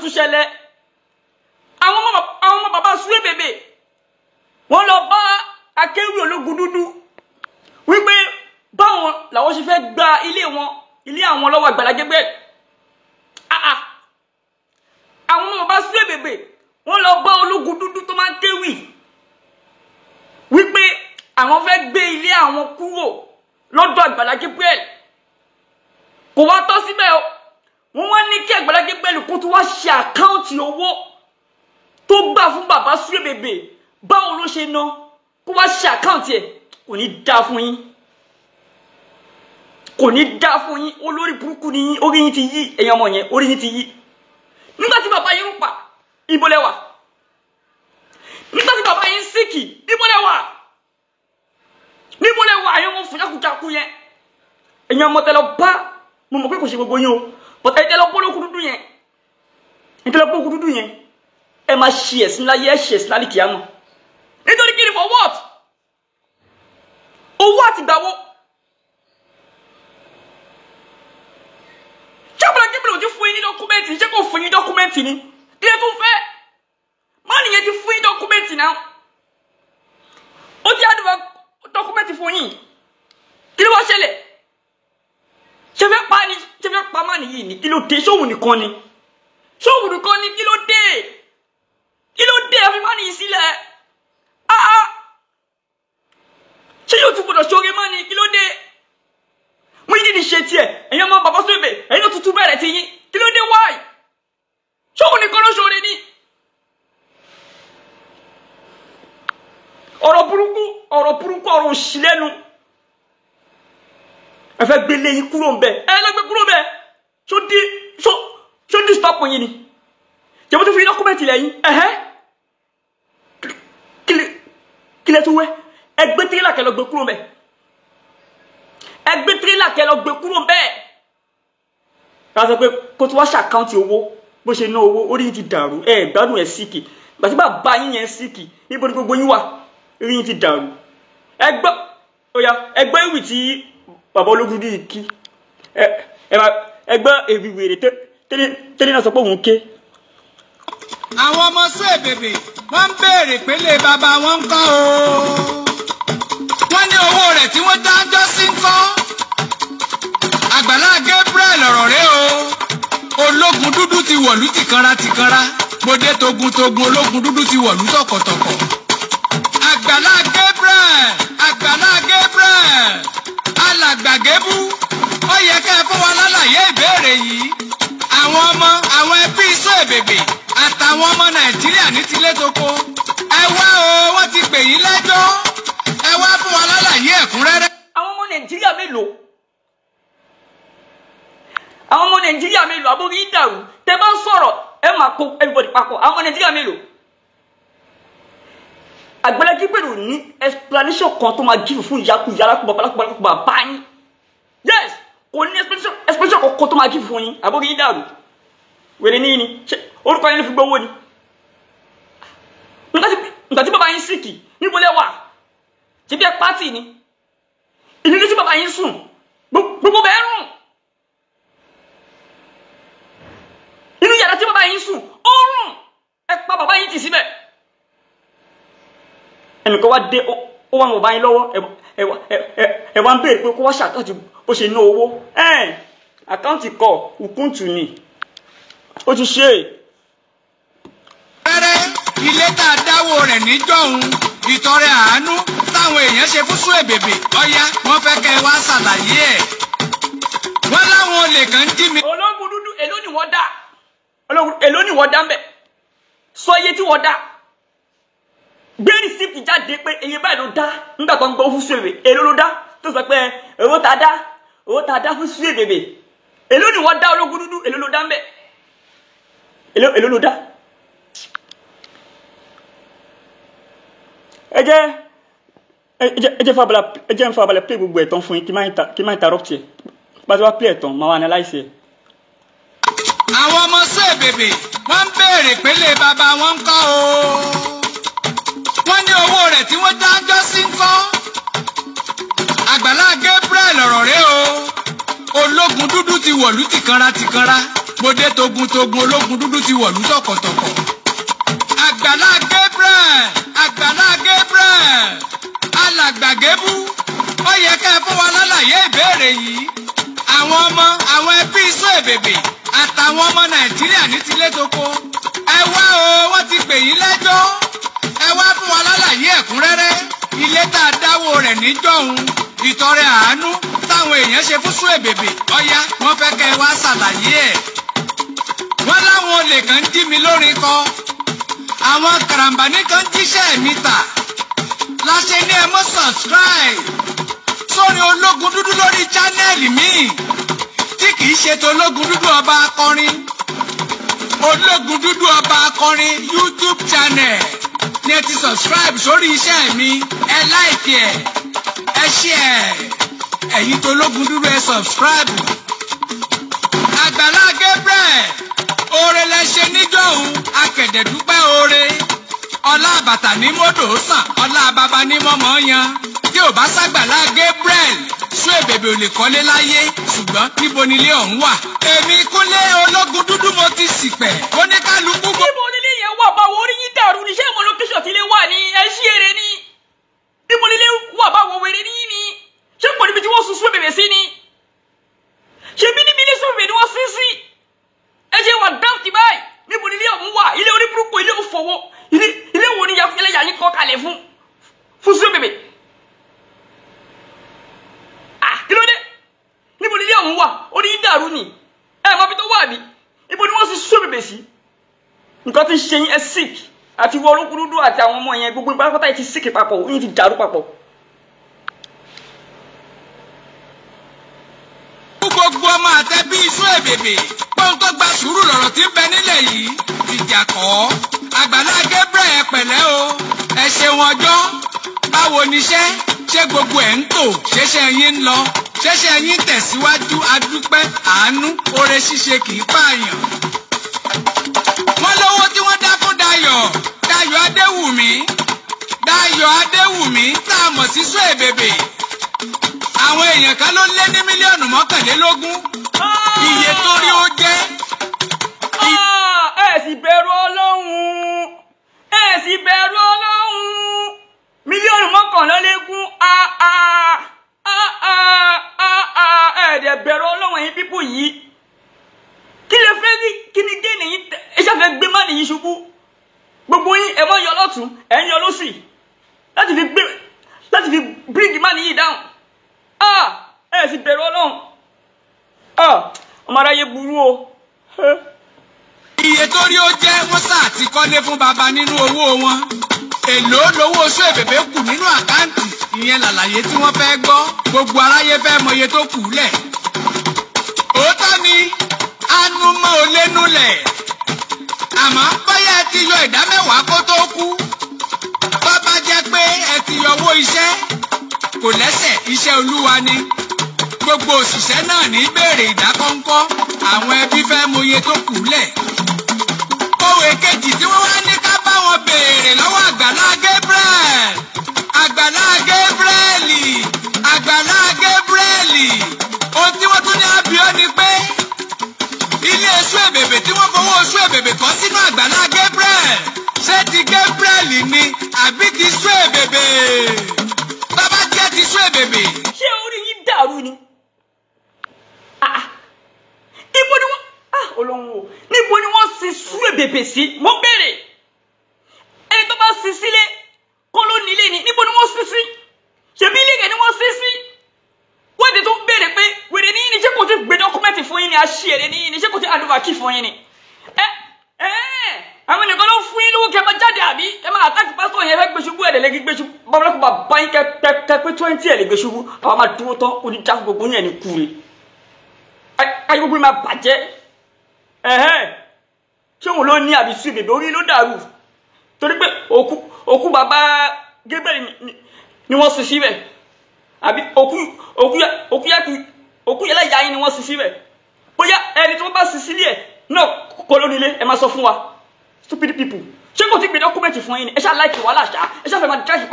tún ṣẹlẹ̀ àwọn ọmọ àwọn ọmọ bàbá súwé bèbè wọ́n lọ bá akéwì ológun dúdú wípé báwọn làwọn ṣe fẹ́ gba ilé wọn ilé àwọn lọ́wọ́ Àgbàlá Gabriel àà àwọn ọmọ bàbá súwé bèbè wọ́n lọ bá ológun dúdú tó máa ń kéwì wípé àwọn fẹ́ gbé ilé àwọn kúrò lọ́dọ̀ Àgbàlá Gabriel kò wá tọ́ síbẹ̀ o wọ́n wá ní kí Àgbàlá Gabriel kó tó wá ṣe àkáǹtì owó tó gbà fún bàbá Sùwé Bèbè báwo ló ṣe ná kó wá ṣe àkáǹtì ẹ̀ kò ní dáa fún yín kò ní dáa fún yín olórí burúkú ni yín orí yín ti yí ẹ̀yin ọmọ yẹn orí yín ti yí nígbà tí bàbá yín ń pa ibo lẹ wà nígbà tí bàbá yín ń síkì ibo lẹ wà níbo fún jákujáku yẹn ẹ̀yin ọmọ tẹ lọ bá mo mọ̀ pé kò ṣe gbogbo yín o but ẹ tẹ́lẹ̀ pọ́lọ́kù dúdú yẹn ẹ tẹ́lẹ̀ pọ́lọ́kù dúdú yẹn ẹ máa ṣe ẹ̀sìn láyé ẹ ṣe ẹ̀sìn lálẹ́ kìámọ̀ nítorí kí ni for what owó àtìgbàwó ṣọ́bùrà gíbìrì ò ti fún yín ní dọ́kúmẹ́ǹtì ṣé kò fún yín dọ́kúmẹ́ǹtì ni kí ẹ tún fẹ́ mọ́ọ̀nì yẹn ti fún yín dọ́kúmẹ́ǹtì náà ó ti àdúrà dọ́kúmẹ́ǹtì fún yín kí ló wá ṣẹlẹ̀ ṣe fẹ́ pa ni ṣe fẹ́ pa má nìyí ni kí ló dé ṣóhun nìkan ni ṣóhun nìkan ni kí ló dé kí ló dé ẹ fi má nìyí sílẹ̀ áá ah, ah. ṣé yóò tún gbọdọ̀ ṣoore má ni kí ló dé Muyideen ní ṣe tiẹ̀ ẹ̀yin ọmọ bàbá sóbè ẹ̀yin ló tuntun bẹ̀rẹ̀ ti yín kí ló dé wáì ṣóhun nìkan ló ṣoore ni. ọ̀rọ̀ burúkú ọ̀rọ̀ burúkú ọ̀rọ̀ òṣì lẹ́nu ẹ fẹ́ gbélé yín kúrò ńbẹ̀ ẹ lọ́gbẹ́ kúrò ńbẹ̀ ṣó dí stop yín ni jẹ́wọ́ tó fi dọ́kúmẹ̀tì lẹ́yìn ẹ̀hẹ́ kílẹ̀ tó wẹ́ ẹ gbé tírélà kẹ́ lọ gbé kúrò ńbẹ̀ ẹ gbé tírélà kẹ́ lọ gbé kúrò ńbẹ̀ ká sọ pé kó tó wá ṣàkáǹtì owó bó ṣe ná owó orí yín ti dàrú ẹ gbádùn ẹ síkì gbàtí ba yín yẹn síkì níbo ni gbogbo yín wà orí yín ti dàrú ẹ gbọ́ ìwì tí bàbá ológun ní ìkí ẹgbẹ́ èmi wèrè tẹ́lẹ̀ náà sọ pé òun ké. àwọn ọmọ sèbèbè wọ́n ń béèrè pélé bàbá wọn ń kọ́ o wọ́n ní owó rẹ̀ tí wọ́n dájọ́ sí ń kọ́ àgbàlá Gabriel ọ̀rọ̀ rẹ o ológun dúdú ti wọ̀lú tìkanra tìkanra gbòde togun togun ológun dúdú ti wọ̀lú tọkọ̀tọkọ̀ àgbàlá Gabriel àgbàlá Gabriel àgbàgébú ó yẹ kẹ́ ẹ fún wa lálàyé ìbéèrè yìí àwọn ọmọ àwọn ẹbí iṣẹ́ èbèbè àtàwọn ọmọ nàìjíríà ní tilé toko ẹ wá o wọ́n ti pè yín lẹ́jọ́ ẹ wá fún wa lálàyé ẹ̀kúnrẹ́rẹ́. àwọn ọmọ nàìjíríà mélòó àwọn ọmọ nàìjíríà mélòó àbórí dàrú tẹ bá ń sọ̀rọ̀ ẹ máa kó everybody papọ̀ àwọn ọmọ nàìjíríà mélòó. Agbala Gabriel ní explanation kan tó máa give fún ìyakuya alákùnbà alákùnbà bá yín yes kò ní explanation kan tó máa give fún yín àbókè yín dàrú wèrè ní yín ni orúkọ yín ló fi gbowó ni nǹkan tí bàbá yín sìkì níbo lẹ́wà ṣe bí ẹ pátì ni ìdílé tí bàbá yín sùn gbogbo bẹ́ẹ̀ rùn. ẹnìkan wá dé ó wà wọn bá yín lọ́wọ́ ẹ wá ń béèrè pé kó wá ṣàkáǹtì bó ṣe ná owó àkáǹtì kọ òkúntù ni ó ti ṣe. rẹ́rẹ́ ilé tá a dáwó rẹ̀ níjọ́hun ìtọrẹ àánú táwọn èèyàn ṣe fún Suebebe ọ̀yá wọ́n fẹ́ kẹ́ ẹ wá ṣàlàyé ẹ̀ wọ́n láwọn olè kan jí mi. ológun dúdú èló ni wọ́n dá èló ni wọ́n dá mbẹ́ sọ iye tí wọ́n dá gbé rìsíptì jáde pé iye báyìí ló dá nígbà tó ń gbọ́ fún sùwèbè èló ló dá tó sọ pé owó ta dá owó ta dá fún sùwèbè èló ni wọ́n dá ológun dúdú èló ló dá ń bẹ̀ èló ló dá. ẹ jẹ́ ẹ jẹ́ fàbàlà ẹ jẹ́ fàbàlà pé gbogbo ẹ̀tàn fún yín kí má interrupt yẹ pàtó wá pé ẹ̀tàn máa wà analyze yẹ. àwọn ọmọ sèbèbè wọ́n ń béèrè pélé bàbá wọn ń kọ́ o wọ́n ní owó rẹ̀ tí wọ́n dájọ́ sí ń kọ́ àgbàlá Gabriel ọ̀rọ̀ rẹ o ológun dúdú ti wọ̀lú tìkanra tìkanra gbòde togun togun ológun dúdú ti wọ̀lú tọkọtọkọ àgbàlá Gabriel àgbàlá Gabriel alàgbàgébú ó yẹ ká fún wa lálàyé ìbéèrè yìí àwọn ọmọ àwọn ẹbí sọ èbèbè àtàwọn ọmọ Nàìjíríà ní tilé toko ẹ wá o wọ́n ti pè yín lẹ́jọ́ ẹ wá fún wa lálàyé ẹ̀kúnrẹ́rẹ́ ilé tá a dáwó rẹ̀ níjọ́hun ìtọrẹ àánú táwọn èèyàn ṣe fún Suebebe ọ̀yá wọ́n fẹ́ kẹ́ ẹ wá ṣàlàyé ẹ̀. wọ́n láwọn olè kan jí mi lórin kọ àwọn karambani kan jíṣẹ́ mi tà láṣẹ ní ẹ mọ́ subscribe sórí ológun dúdú lórí chánẹ́ẹ̀lì míì tí kìí ṣe tológun dúdú ọba akọrin ológun dúdú ọba akọrin YouTube channel ni ẹ ti subscribe sórí iṣẹ́ mi ẹ like ẹ ẹ share ẹ̀yin tó lógun dúró ẹ subscribe. Àgbàlá Gabriel oore lẹ ṣe níjọ́ òun akẹ̀dẹ̀ dúpẹ́ oore ọlá bàtà ní mọ́tò sàn ọlá bàbá ní mọ́mọ́ yan tí ò bá s'Àgbàlá Gabriel sún èbèbè ò lè kọ́lé láyé ṣùgbọ́n níbo nílé ọ̀hún wà. èmi Kúnlé ológun dúdú mo ti ṣìpẹ̀ oníkálukú gbogbo ilé wà báwo orí yín dàrú ni mo location ti ilé wà ní ẹ eré ni bí wà báwo wèrè ní ni ṣé kò níbi tí wọ́n sun bèbè sí ni ṣé bí níbi ilé bèbè ni wọ́n sún sí ẹ jẹ́ wà dáàbò ti báyìí níbo nílé ọ̀hún wà ilé orí burúkú ilé òfòwò ilé wo ni ẹlẹ́yà yín kọ́ kalẹ̀ fún fún sún bèbè ah kí ló dé níbo nílé ọ̀hún wà orí yín dàrú ni ẹ̀ mọ́ tó wà mí ibo wọ́n sun bèbè sí nǹkan tí ń ṣe yín ẹ sick àti wọ olókùdúdú àti àwọn ọmọ yẹn gbogbo ìpàkọ́tà yìí ti sick papọ̀ yín ti dàrú papọ̀. gbogbo ọmọ àtẹ bí iṣu èbèbè pọ́ńtò gba sùúrù lọ̀rọ̀ tí ń bẹ nílẹ̀ yìí ìjà kọ́ àgbàlá Gabriel ẹ pẹ̀lẹ́ o ẹ ṣeun ọjọ́ báwo níṣẹ́ ṣé gbogbo ẹ̀ ń tò ṣẹṣẹ yín ń lọ ṣẹṣẹ yín tẹ̀síwájú adúpẹ́ àánú oore ṣíṣe kì í pààyàn Dayọ̀ Dayọ̀ Adéwùmí Dayọ̀ Adéwùmí tá a mọ̀ sí Suebebe àwọn èèyàn kan ló lé ní mílíọ̀nù mọ́kànlélógún iye tó rí ó jẹ́. Ah, ẹ sì bẹ̀rù ọlọ́run ẹ sì bẹ̀rù ọlọ́run mílíọ̀nù mọ́kànlélógún ah, ah, ẹ̀ẹ́dẹ̀ bẹ̀rù ọlọ́run ẹ̀yin pípò yìí kí lè fẹ́ kí ni géènì yìí ẹ ṣàfẹ́ gbé má nìyí ṣubú gbogbo yín ẹ mọ́ yọ lọ́tún ẹ̀ ń yọ lọ́sì láti fi gbé láti fi bíríìgì má nìyí dáhùn ah, ẹ sì bẹ̀rù ọlọ́run ah, ọmọ aráyé burú o. iye tó rí ó jẹ́ wọ́n sá àti kọ́lé fún baba nínú owó wọn èlò lówó oṣù èbèbè kù nínú àkáǹtì ìyẹn làlàyé tí wọ́n fẹ́ gbọ́ gbogbo aráyé fẹ́ mọ iye tó kù lẹ̀ òótọ́ ni anumọ́ olénulẹ̀ àmọ́ ti yọ ìdá mẹ́wàá kó tó kú tó bá jẹ́ pé ẹ ti yọwó iṣẹ́ kò lẹ́sẹ̀ iṣẹ́ olúwa ni gbogbo òṣìṣẹ́ náà ní béèrè ìdá kọ́ńkọ́ àwọn ẹbí fẹ́ mọ iye tó kù lẹ̀ òwe kejì tí wọ́n wá ní ká bá wọn béèrè lọ́wọ́ àgbàlá Gabriel àgbàlá Gabriel àgbàlá Gabriel ohun tí wọ́n tún ní abiọ́ ni pé ilé oṣù èbèbè tí wọ́n fowó oṣù èbèbè kọ́ sínú àgbàlá Gabriel ṣé ti Gabriel ni àbí ti sún èbèbè bàbá jẹ́ ti sún èbèbè. ṣé orí yín dàrú ni ibo ah, ah. ni wọ́n olóhùn ah, o níbo ni wọ́n sin sún èbèbè sí mo béèrè ẹni tó bá sin sílé kọ́ ló nílé ni níbo ni wọ́n sin sí ṣèbí ilé ìgbẹ́ wọ́n sin sí wọ́n ti tún béèrè pé wèrè ní yín ni ṣé kò ti gbé dọ́kúmẹ́ǹtì fún yín ni àṣìyẹ̀rẹ̀ ní yín ni ṣé kò ti àdúrà kí fún yín ni. àbí ẹ máa àtàkì pásítọ̀ yẹn fẹ́ gbèsùbú ẹ̀ lẹ́gí gbèsùbú babalẹ́kùn bàbá yín kẹ́kẹ́ twenty ẹ̀ lè gbèsùbú bàbá máa dúró tán onídàáfù gbogbo yẹn ní kúre ayé gbogbo yẹn máa bàjẹ́ ẹ̀hẹ́n ṣé òun ló ní àbí sùn bèbè orí ló dàrú torí pé òkú òkú bàbá Gabriel ni wọ́n sin síbẹ̀ àbí òkú òkú òkú òkú yẹ láyà yín ni wọ́n sin síbẹ̀ bóyá ẹni tí wọ́n bá sin sílẹ̀ náà kọ́ lónìí lé ẹ máa sọ fún wa stupid people ṣé kò sí gbé dọ́kúmẹ̀ntì fún yín ni ẹ ṣá láìkì wàhálà ṣá ẹ ṣá fẹ́ máa jáde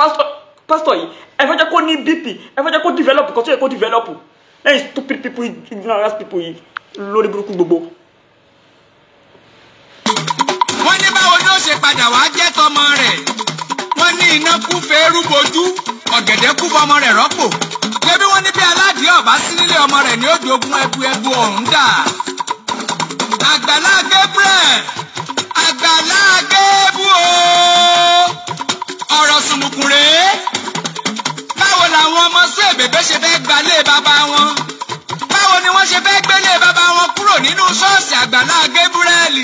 pásítọ̀ yìí ẹ fẹ́ jẹ́ kó ní bp ẹ fẹ́ jẹ́ kó develop kó tó yẹ kó develop lẹ́yìn stupid people ignorant people yìí lórí burúkú gbogbo. wọ́n ní báwo ni ó ṣe padà wá jẹ́ tọmọ rẹ̀ wọ́n ní iná kú fẹ́ẹ́rú bojú ọ̀gẹ̀dẹ̀ kú bọmọ rẹ̀ rọ́pò gbẹbí wọ́n ní bí aládìí ọ̀bá sí nílé ọmọ rẹ̀ ní òde ogun ẹbu ẹbu ọ̀hún dà àgbàlá Gabriel àgbàlá Gabriel kú o ọ̀rọ̀ sùnmùkùn rèé báwo làwọn ọmọ sí èbèbè ṣe fẹ́ gbalé bàbá wọn báwo ni wọ́n ṣe fẹ́ gbélé bàbá wọn kúrò nínú ṣọ́ọ̀ṣì àgbàlá Gabriel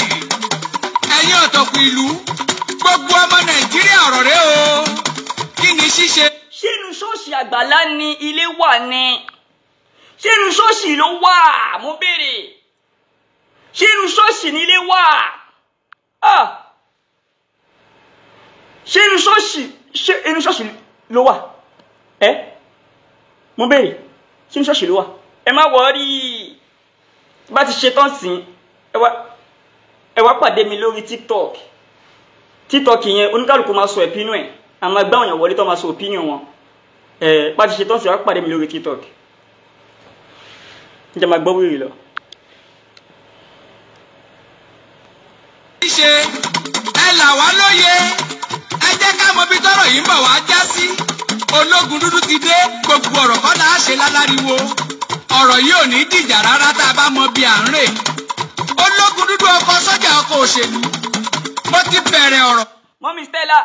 ẹ̀yin ọ̀tọ̀kù ìlú gbogbo ọmọ Nàìjíríà ọ̀rọ̀ rẹ o kí ni ṣíṣe. ṣé ṣọ́ọ̀ṣì àgbàlá ni ilé wà ni ṣé ṣọ́ọ̀ṣì ló wà mo béèrè ṣé ṣọ́ọ̀ṣì ni ilé wà. Ah ṣé inú ṣọ́ọ̀ṣì ṣé inú ṣọ́ọ̀ṣì ló wà ẹ mo béèrè ṣé inú ṣọ́ọ̀ṣì ló wà ẹ má wọrí bá ti ṣe tán sí ẹ wá ẹ wá pàdé mi lórí tiktok tiktok yẹn oníkálukú máa sọ ìpinnu ẹ àwọn agbá òyìn wọlé tó máa sọ opinion wọn ẹ bá ti ṣe tán sí ẹ wá pàdé mi lórí tiktok níjà máa gbọ́ wíìrì lọ. ṣe ẹ là lóye ẹ jẹ́ ká mọ bí tọ́rọ̀ yìí ń bọ̀ wá já sí ológun dúdú ti dé gbogbo ọ̀rọ̀ kọ́ ṣe láláriwo ọ̀rọ̀ yìí ò ní dìjà rárá tá a bá mọ bí à ń rè ológun dúdú ọkọ sọ́jà ọkọ òṣèlú mo ti bẹ̀rẹ̀ ọ̀rọ̀. mọ́mí Stella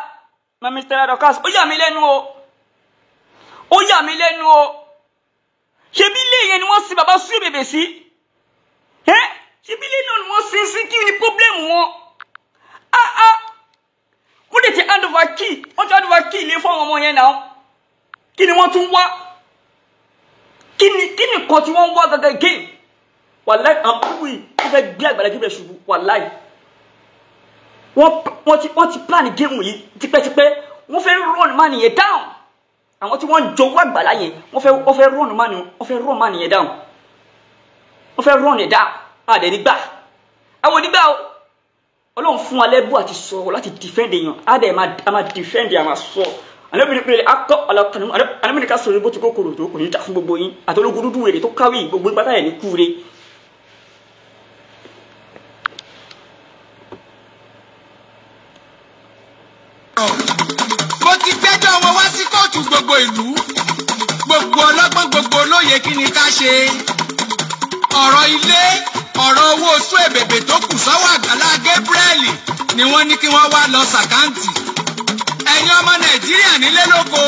mọ́mí Stella Dorcas ó yà mí lẹ́nu o ó yà mí lẹ́nu o ṣebí ilé yẹn ni wọ́n sin bàbá sùn bèbè sí ṣebí ilé náà ni wọ́n sin sí kí ni pọ́blẹ́mù wọn. Ah, ah ó dẹ̀ ti hand over key wọ́n ti hand over key ilé fún àwọn ọmọ yẹn náà kí ni wọ́n tún wá kí ni kí ni kan tí wọ́n ń wá gẹ́gẹ́ again wàláì àbúrò yìí wọ́n fẹ́ gbé Àgbàlá Gabriel ṣubú wàláì wọ́n ti wọ́n ti plan géèmù yìí tipẹ́tipẹ́ wọ́n fẹ́ run man yẹn down àwọn tí wọ́n ń jowó Àgbàlá yẹn wọ́n fẹ́ wọ́n fẹ́ run man yẹn wọ́n fẹ́ run man yẹn down wọ́n fẹ́ run yẹn down àdẹ̀ nígbà àwọn onígbà o ọlọ́run fún wa lẹ́bù àti sọ̀rọ̀ láti defend èèyàn á dẹ̀ máa defend àmà sọ anabinipele akọ alakanu anabini ka sọ̀rọ̀ bó ti kókòrò tó kò ní ta fún gbogbo yín àtọlógún dúdú wèrè tó káwé gbogbo pátá yẹn ní kúure. mo ti gbẹ́jọ́ wọn wá sí kóòtù gbogbo ìlú gbogbo ọlọ́gbọ́n gbogbo olóye kí ni ká ṣe ọ̀rọ̀ ilé ọ̀rọ̀ owó oṣù èbèbè tó kù sọ́wọ́ Àgbàlá Gabriel ni wọ́n ní kí wọ́n wá lọ sàkáǹtì ẹ̀yin ọmọ Nàìjíríà nílé lóko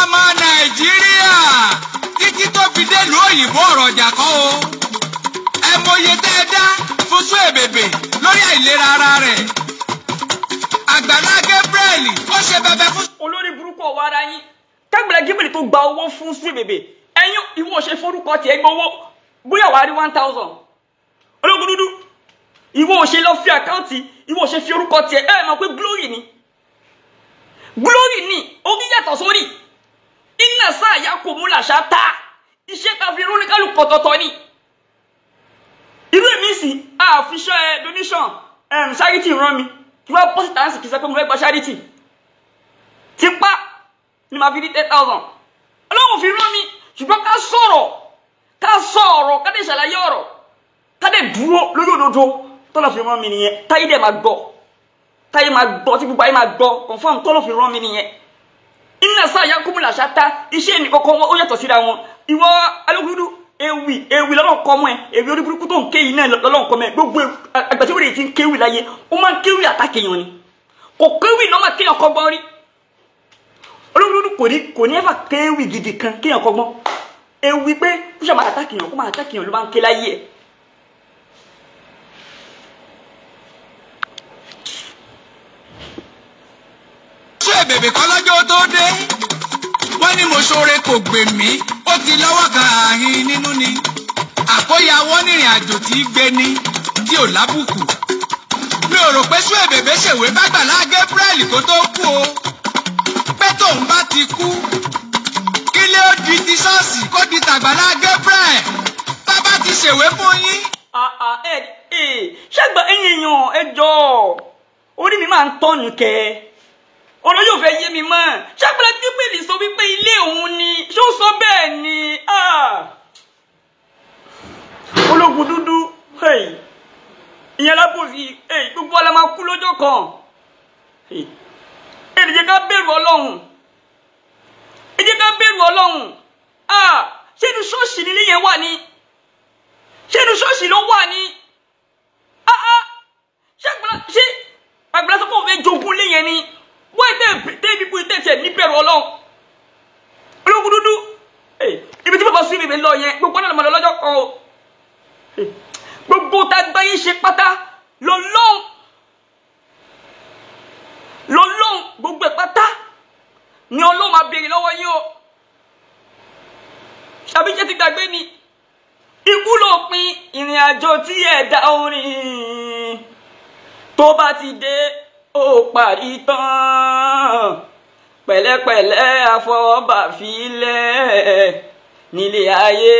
ọmọ Nàìjíríà títí tó fi délùú òyìnbó ọ̀rọ̀ ọjà kọ́ o ẹ mọye tẹ́ ẹ dá fún sún èbèbè lórí àìlera ara rẹ̀ Àgbàlá Gabriel ó ṣe bẹbẹ fún. olórí burúkú ọ̀wá ara yín k'Àgbàlá Gabriel tó gba owó fún sún èbèbè ẹ̀yin ìwọ ṣe forúkọ tiẹ̀ gbowó bóyá wàá rí one thousand ológun dúdú ìwọ ò ṣe lọ fi àkáǹtì ìwọ ò ṣe fi orúkọ tiẹ̀ ẹ mọ̀ pé glory ni glory ni orí yàtọ̀ sórí iná sáà ya kò mú làṣà tá iṣẹ́ ta fi rún ní kálukọ̀ tọ̀tọ̀ ni irú èmi sì àfiṣọ́ ẹ donation um, charity rán mi kí wọ́n pọ́sì tàǹsì kì í sọ pé mo fẹ́ gba charity tipa ni màá fi ní ten thousand ọlọ́run fi rán mi ṣùgbọ́n ká sọ̀rọ̀ ká sọ ọ̀rọ̀ ká dé ṣàlàyé ọ̀rọ̀ ká dé dúró lórí òdodo tọ́lọ̀ fi rán mi nìyẹn táyé dẹ̀ máa gbọ́ táyé máa gbọ́ tí gbogbo ayé máa gbọ́ confam tọ́lọ̀ fi rán mi nìyẹn iná sáà ya kúmù làṣà ta iṣẹ́ ní kọ́kọ́ wọn ó yàtọ̀ síra wọn ìwọ alókùnrin ewì ewì lọ́lọ́n kọ́ mọ́ ẹ ewì orí burúkú tó ń ké yìí náà lọ́lọ́n kọ́ mọ́ ẹ gbogbo e, àgbàtíwèrè ti ń kéwì láyé ó máa ń kéwì àtàkéyàn ni kò kéwì náà máa kéyàn kọ́gbọ́n rí olókùnrin kò ní ẹ̀fà kéwì gidi kan kéyàn kọ́gbọ́n ewu pé bíṣà máa tàkì yàn kó máa tàkì yàn ló máa ń ké láyé ẹ̀. ṣé bèbè kan lọ́jọ́ tó dé wọ́n ní mo kò gbè mí ó ti lọ́wọ́ kan ààyìn nínú ni àkóyawọ́ nírìn àjò tí í gbé ni tí ò lábùkù mi ò rò pé ṣú èbèbè ṣèwé bá gbàlá Gabriel kó tó kú o pé tóun bá ti kú kílé ó di ti ṣọ́ọ̀ṣì kó di tàgbàlá Gabriel bàbá ti ṣèwé fún yín. Ah, ah, eh, eh, ṣẹ́gbà ẹ̀yìn èèyàn ẹ orí mi máa ń tọ́nu kẹ́ ọ̀rọ̀ yóò fẹ́ yé mi mọ́ ṣàpẹẹrẹ bíbélì sọ wípé ilé òun ni ṣó sọ bẹ́ẹ̀ ni ah. ológun dúdú ìyẹn lápòsí gbogbo ọlọ́mọ kú lọ́jọ́ kan èrè jẹ́ ká bẹ̀rù ọlọ́run ẹ jẹ́ ká bẹ̀rù ọlọ́run ṣé inú ṣọ́ọ̀ṣì nílé yẹn wà ní ṣé inú ṣọ́ọ̀ṣì ló wà ní ṣé àgbàlá sọ pé òun fẹ́ jogún lé yẹn ni wọ́n ẹ̀ tẹ́ ibi bíi tẹ̀sẹ̀ ní bẹ̀rù ọlọ́run ológun dúdú eh, ibi tí bàbá sùn mi lọ yẹn gbogbo náà lọ́mọdé lọ́jọ́ kan o eh, gbogbo tá gbá yín ṣe pátá lọ́lọ́run lọ́lọ́run gbogbo ni Ọlọ́run máa béèrè lọ́wọ́ yín o àbí jẹ́ ti gbàgbé ni ikú ló pin ìrìn àjò tí ẹ̀dá orin tó bá ti dé ó parí tán pẹ̀lẹ́pẹ̀lẹ́ àfọwọ́bà fílẹ̀ nílé ayé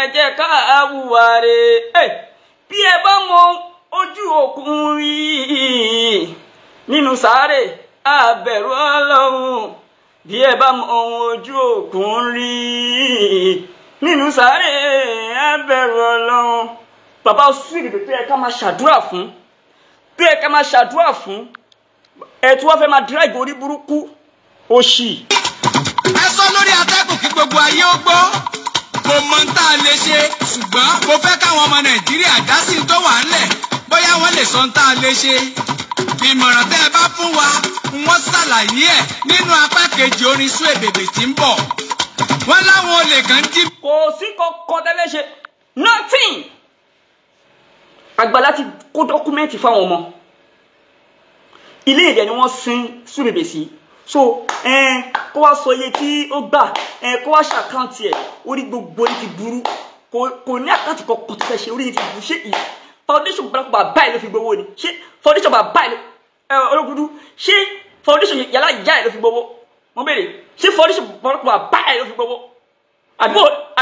ẹ jẹ́ rẹ̀ bí ẹ bá mọ ojú òkun rí nínú sáré àbẹ̀rù ọlọ́run bí ẹ bá mọ ohun ojú òkun rí nínú sáré abẹ̀rù ọlọ́run bàbá Sùwíìgì tó yẹ ká máa ṣàdúrà fún tó yẹ ká máa ṣàdúrà fún ẹ tí wọ́n fẹ́ máa dírẹ́gì orí burúkú òṣì. ẹ sọ lórí atẹ́kùn kí gbogbo ayé ó gbọ́ mo mọ n tá a lè ṣe ṣùgbọ́n mo fẹ́ káwọn ọmọ Nàìjíríà dá sí tó wà ńlẹ̀ bóyá wọ́n lè sọ n tá a lè ṣe ìmọ̀ràn tẹ́ ẹ bá fún wa wọ́n ṣàlàyé ẹ̀ nínú apá kejì orin sún èbèbè tí ń bọ̀ wọ́n láwọn olè kan jí. kò sí kankan tẹ́lẹ̀ ṣe nothing àgbàlá ti kó dọ́kúmẹ́ǹtì fáwọn ọmọ ilé ìdẹ ni wọ́n sin sún èbèbè sí so kó wá sọ iye tí ó gbà kó wá ṣàkáǹtì ẹ̀ orí gbogbo ní ti burú kò ní àkáǹtì kankan tó fẹ́ ṣe orí ní ti burú ṣé foundation bárakú bàbá ẹ̀ ló fi gbowó ni ṣé foundation bàbá ẹ̀ ológudu ṣé foundation yàrá ìyá ẹ̀ ló fi gbowó mo béèrè ṣé foundation bárakú bàbá ẹ̀ ló fi gbowó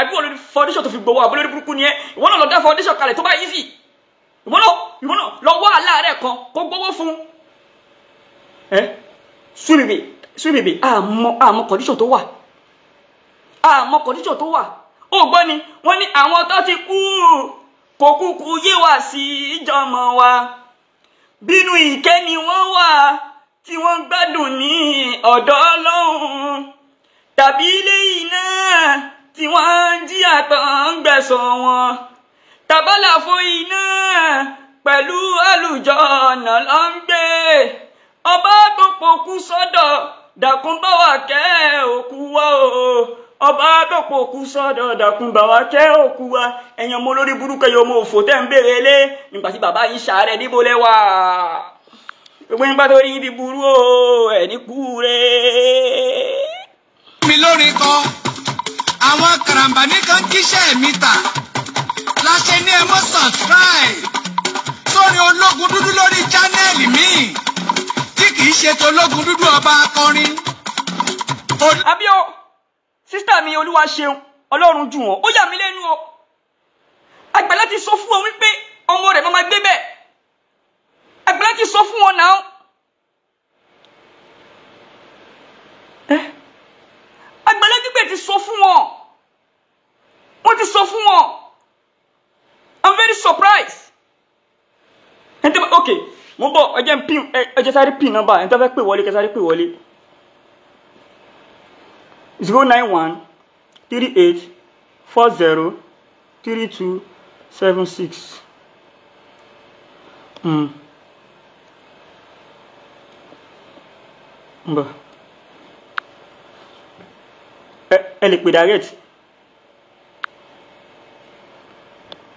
àbí olórí foundation tó fi gbowó àbí olórí burúkú ni ẹ ìwọ náà lọ dá foundation kalẹ̀ tó bá easy ìwọ náà ìwọ náà lọ wá aláàárẹ̀ kan kó gbowó fún ẹ súnmìbì súnmìbì àmọ́ àmọ́ condition tó wà àmọ́ condition tó wà ó gbọ́ ni wọ́n ní àwọn tó ti kú kò kúkú yé wá sí ìjọmọ wa bínú ìkẹ́ ni wọ́n wà tí wọ́n gbádùn ní ọ̀dọ̀ ọlọ́run tàbí ilé iná tí wọ́n ń jí àtàn wọn tàbálàfo iná pẹ̀lú àlùjọ ọ̀nà ló ń gbé ọba tó pokú sọ́dọ̀ dàkúnbọ̀wà kẹ́ òkú wọ́ o ọba àtọ̀pọ̀ òkú sọ́dọ̀ ọ̀dàkùn bàwá kẹ́ òkú wa ẹ̀yàn mo lórí burúkú ẹ̀yọ́ mo fò tẹ́ ń béèrè lé nígbà tí bàbá yìí ṣàárẹ̀ níbo lẹ́wà gbogbo yín bá tó rí ibi burú o ẹ̀ kú re. mi lórí kan àwọn karambani kan kíṣẹ́ mi ta láṣẹ ní ẹ mọ́ subscribe sórí ológun dúdú lórí chánẹ́ẹ̀lì mi tí kì í ṣe tológun dúdú ọba akọrin. àbí sísítà mi olúwa ṣeun ọlọ́run jù wọ́n ó yà mí lẹ́nu o àgbàlá ti sọ fún wọn wípé ọmọ rẹ̀ máa gbé bẹ́ẹ̀ àgbàlá ti sọ fún wọn náà àgbàlá gbígbẹ ti sọ fún wọn wọ́n ti sọ fún wọn i'm very surprised ẹ ok mo bọ̀ ẹ jẹ́ pin ẹ jẹ́ sáré pin nọ́mbà ẹ tẹ́ fẹ́ pè wọlé sáré pè wọlé zero nine one three eight four zero three two seven six. Mm. Mbà. Ẹ lè pè direct.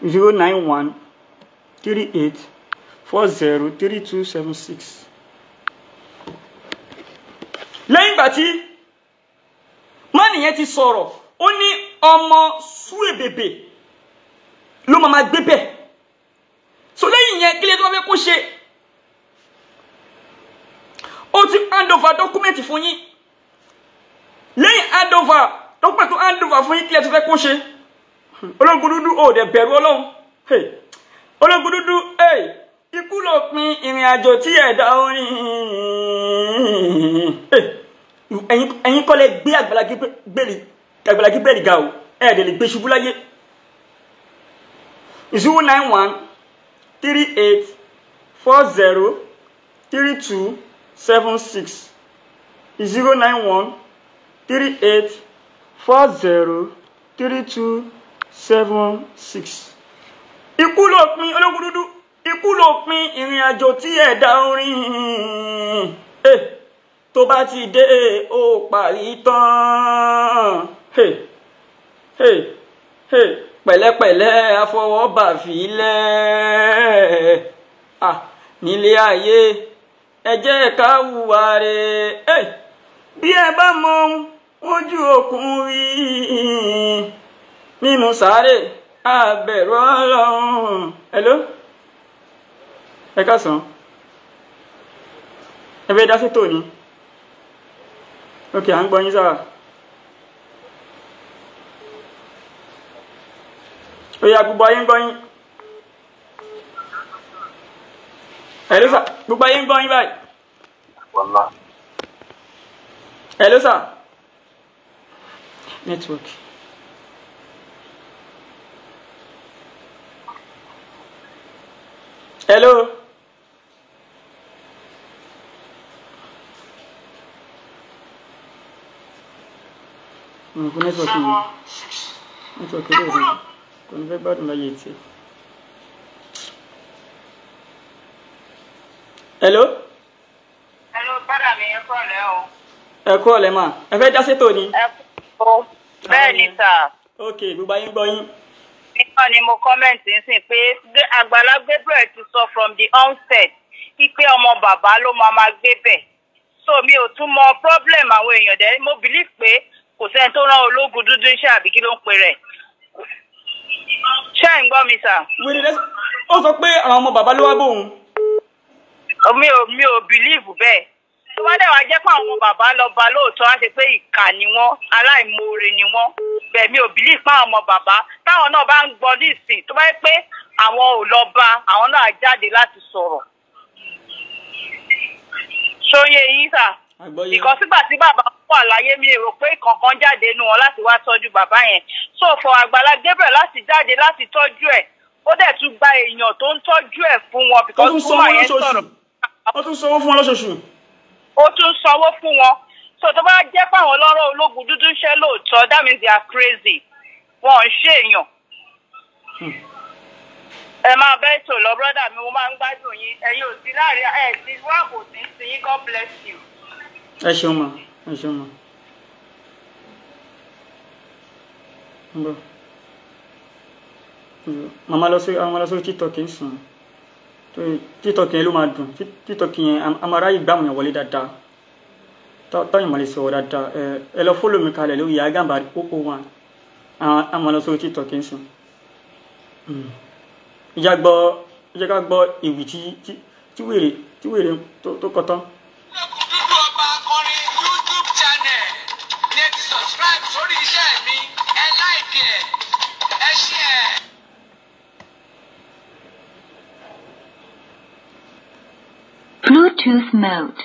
zero nine one three eight four zero three two seven six. Lẹ́yìn ìgbà tí mọ́nì yẹn ti sọ̀rọ̀ ó ní ọmọ súwèbèbè ló máa máa gbé bẹ̀ so lẹ́yìn yẹn kílẹ̀ tó bá fẹ́ kó ṣe ó ti hand over document fún yín lẹ́yìn hand over tó pẹ̀ tó hand over fún yín kílẹ̀ tó fẹ́ kó ṣe ológun dúdú ò dẹ̀ bẹ̀rù ọlọ́run ológun dúdú ikú ló pin ìrìn àjò tí ẹ̀dá orin ẹ̀yin kọ́ gbé Agbala Gabriel ga o ẹ̀ dẹ̀ lè gbé ṣubú láyé zero nine one three eight four zero three two seven six zero nine one three eight four zero three two seven six. ikú ló pin ológun dúdú ikú ló pin ìrìn àjò tí ẹ̀dá orin. Hey. Eh! tó bá ti dé ó parí tán pẹ̀lẹ́pẹ̀lẹ́ afọwọ́bàfilẹ̀ ah, nílé ayé ẹ jẹ́ ká hùwà rẹ̀ bí ẹ bá mọ ojú òkun rí nínú sáré abẹ̀rù ọlọ́run hello ẹ ká sàn ẹ fẹ́ dá sí tòní ok à ń gbọ́ yín sáà. oye hello sir gbogbo ayé ń gbọ́ yín hello sir. network. hello. Mm, kò nẹ́tíwọ̀kì mi nẹ́tíwọ̀kì lè rí kò ní fẹ́ gbádùn láyé tí. hello. hello bọ́dà mi ẹ kú ọ̀lẹ́ o. ẹ kú ọ̀lẹ́ mà ẹ fẹ́ dásẹ́ tó ni. ẹ kú o bẹ́ẹ̀ ni sà. ok gbogbo ayé ń gbọ́ yín. nígbà ni mo kọ́mẹ̀ntì sí pé Agbala Gabriel ti sọ from the onset pípé ọmọ bàbá ló máa máa gbé bẹ̀ so mi ò tún mọ problem àwọn èèyàn dẹ́ mo believe pé kò sẹ́ni tó rán ológun dúdú iṣẹ́ àbí kí ló ń pè rẹ̀ ṣé ń gbọ́ mi sà. wèrè lẹ́sẹ̀ ó sọ pé àwọn ọmọ bàbá ló wá bóun. mi ò mi ò bìlíìfù bẹ́ẹ̀ tó bá dẹ̀ wá jẹ́ pé àwọn bàbá lọ bá lóòótọ́ á ṣe pé ìkà ni wọ́n aláìmoore ni wọ́n bẹ́ẹ̀ mi ò bìlíìfù àwọn ọmọ bàbá táwọn náà bá ń gbọ́ nísìn tó bá yẹ pé àwọn ò lọ bá àwọn náà jáde láti sọ̀rọ̀. ṣóyè because nígbà tí bàbá wà láyé mi rò pé kankan jáde nu wọn láti wá tọ́jú bàbá yẹn so for Àgbàlá Gabriel láti jáde láti tọ́jú ẹ̀ ó dẹ̀ tún gba èèyàn tó ń tọ́jú ẹ̀ fún wọn because woman yẹn sọ̀rọ̀. ó tún sanwó fún wọn lóṣooṣù. ó tún sanwó fún wọn so tó bá jẹ́ pàwọn lọ́rọ̀ ológun dúdú ń lóòótọ́ that means they are crazy wọn ò ń ṣe èèyàn. Hmm. ẹ máa bẹ́ẹ̀ tò lọ brọ́dà mi mo máa ń gbádùn yín ẹ̀yin ò sí láàrin ẹ̀ sí sí yín God bless you ẹ ṣeun ma ẹ ṣeun ma màmá lọ sí àwọn lọ sí TikTok ń sùn TikTok yẹn ló máa dùn TikTok yẹn amara yìí gbàmù yẹn wọlé dáadáa tọ́yìn mọ̀lẹ́ sọ̀rọ̀ dáadáa ẹ lọ fọ́lọ̀ mi kalẹ̀ lórí Agambari kókó wa àwọn lọ sí TikTok ń sùn ìjà hmm. gbọ́ ìjà gbọ́ ìwì tí wèrè tó kọ́ Àkànní YouTube channel ni ẹ ti subscribe sórí iṣẹ́ mi ẹ like ẹ ẹ share. Bluetooth mode.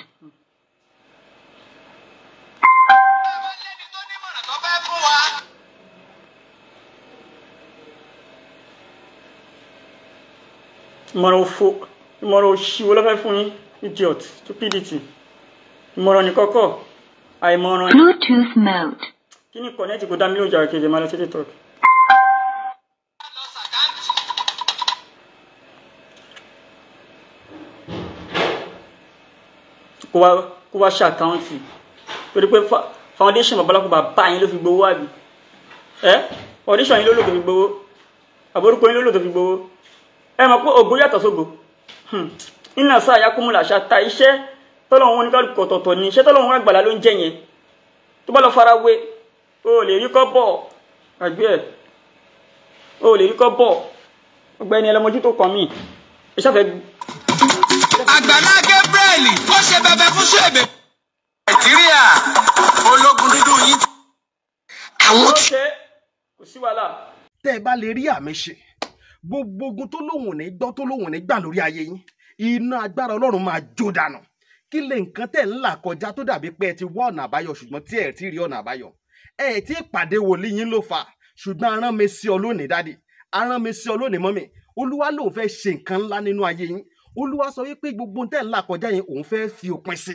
ìmọ̀ràn òfo ìmọ̀ràn òṣìwò lọ́fẹ́ fún yín idiot stupidity. moro ni koko ai moro bluetooth mode kini connect kudamili ujakije mara tete toke tok wá kó wá ṣàkáǹtì torí pé foundation babaláko bàbá yín ló fi gbowó àbí ẹ foundation yín ló lò tó fi gbowó àbórúkọ yín ló lò tó fi gbowó ẹ mọ̀ pé ògbó yàtọ̀ sógbó hmm. iná sáà yakumula ṣàtà iṣẹ́ tọ́lọ́run wọn ní kálukú ọ̀tọ̀ọ̀tọ̀ ni iṣẹ́ tọ́lọ́run wọn àgbàlá ló ń jẹ́ yẹn tó bá lọ fara wé o lè rí kọ́ bọ̀ àgbẹ̀ ẹ̀ o lè rí kọ́ bọ̀ ọgbẹ́ni ẹlẹ́mọjú tó kàn mí ìṣàfẹ́. Àgbàlá Gabriel ó ṣe bẹbẹ fún ṣèbè. Nàìjíríà ológun dúdú yìí. àwọn tí. kò sí wàhálà. tẹ́ ẹ bá lè rí àmì ṣe gbogbo ogun tó lóun ò ní gbọ́ tó lóun ò ní gbà lórí ayé yín iná agbára Ọlọ́run máa jó dànù kí lè nǹkan tẹ̀ ń là kọjá tó dàbí pé ẹ ti wá ọ̀nà àbáyọ ṣùgbọ́n tí ẹ ti rí ọ̀nà àbáyọ ẹ ti pàdé wòlíì yín ló fà ṣùgbọ́n arán mi sí ọ lónìí dádì arán mi sí ọ lónìí mọ́mì olúwa lòun fẹ́ ṣe nǹkan ńlá nínú ayé yín olúwa sọ wípé gbogbo tẹ̀ ń là kọjá yẹn òun fẹ́ fi òpin sí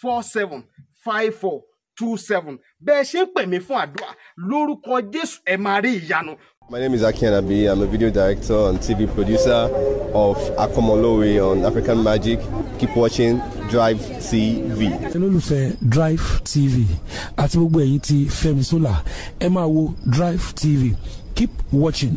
four seven five four two seven bẹ́ẹ̀ ṣe ń pè mí fún àdúrà lórúkọ Jésù ẹ máa rí ìyanu. My name is Aki Anabi. I'm a video director and TV producer of Akomolowe on African Magic. Keep watching Drive TV. olólùfẹ́ Drive TV àti gbogbo ẹ̀yin ti Fẹ́mi Sola ẹ máa wo Drive TV. Keep watching.